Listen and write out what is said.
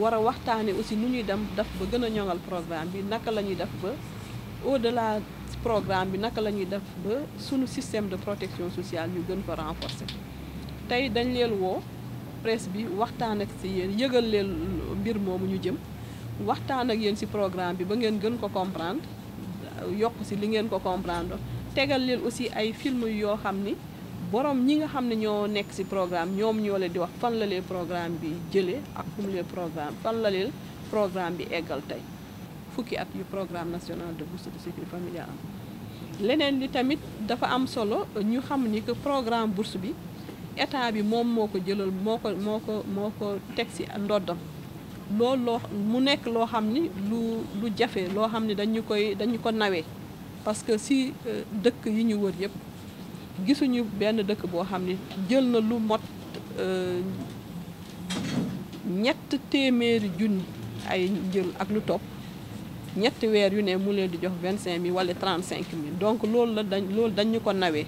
war a waxtaane aussi nu ñuy dem def ba gën a ñoŋal programme bi naka la ñuy def ba au-delà programme bi naka la ñuy def ba sunu système de protection sociale ñu gën ko renforcer tey dañ leen woo presse bi waxtaan ak si yéen yëgal leen mbir moomu ñu jëm waxtaan ak yéen si programme bi ba ngeen gën ko comprendre yokk si li ngeen ko comprendre tegal leen aussi ay film yoo xam ni borom ñi nga xam ne ñoo nekk ci programme ñoom ñoo leen di wax fan la leen programme bi jëlee ak fu programme fan la programme bi eggal tey fukki at yu programme national de bourse de sécurité familiale am leneen li tamit dafa am solo ñu xam ni que programme bourse bi état bi moom moo ko jëlal moo ko moo ko moo ko teg ci ndoddam loolu loo mu nekk loo xam ni lu lu jafe loo xam ni dañu koy dañu ko nawee parce que ci euh, dëkk yi ñu wër yépp gisuñu benn dëkk boo xam ne jël na lu mot euh, ñett téeméeri junni ay jël ak lu topp ñetti weer yu ne mu leen di jox vingt cinq mille wala trente cinq mille donc loolu la dañ dañu ko nawee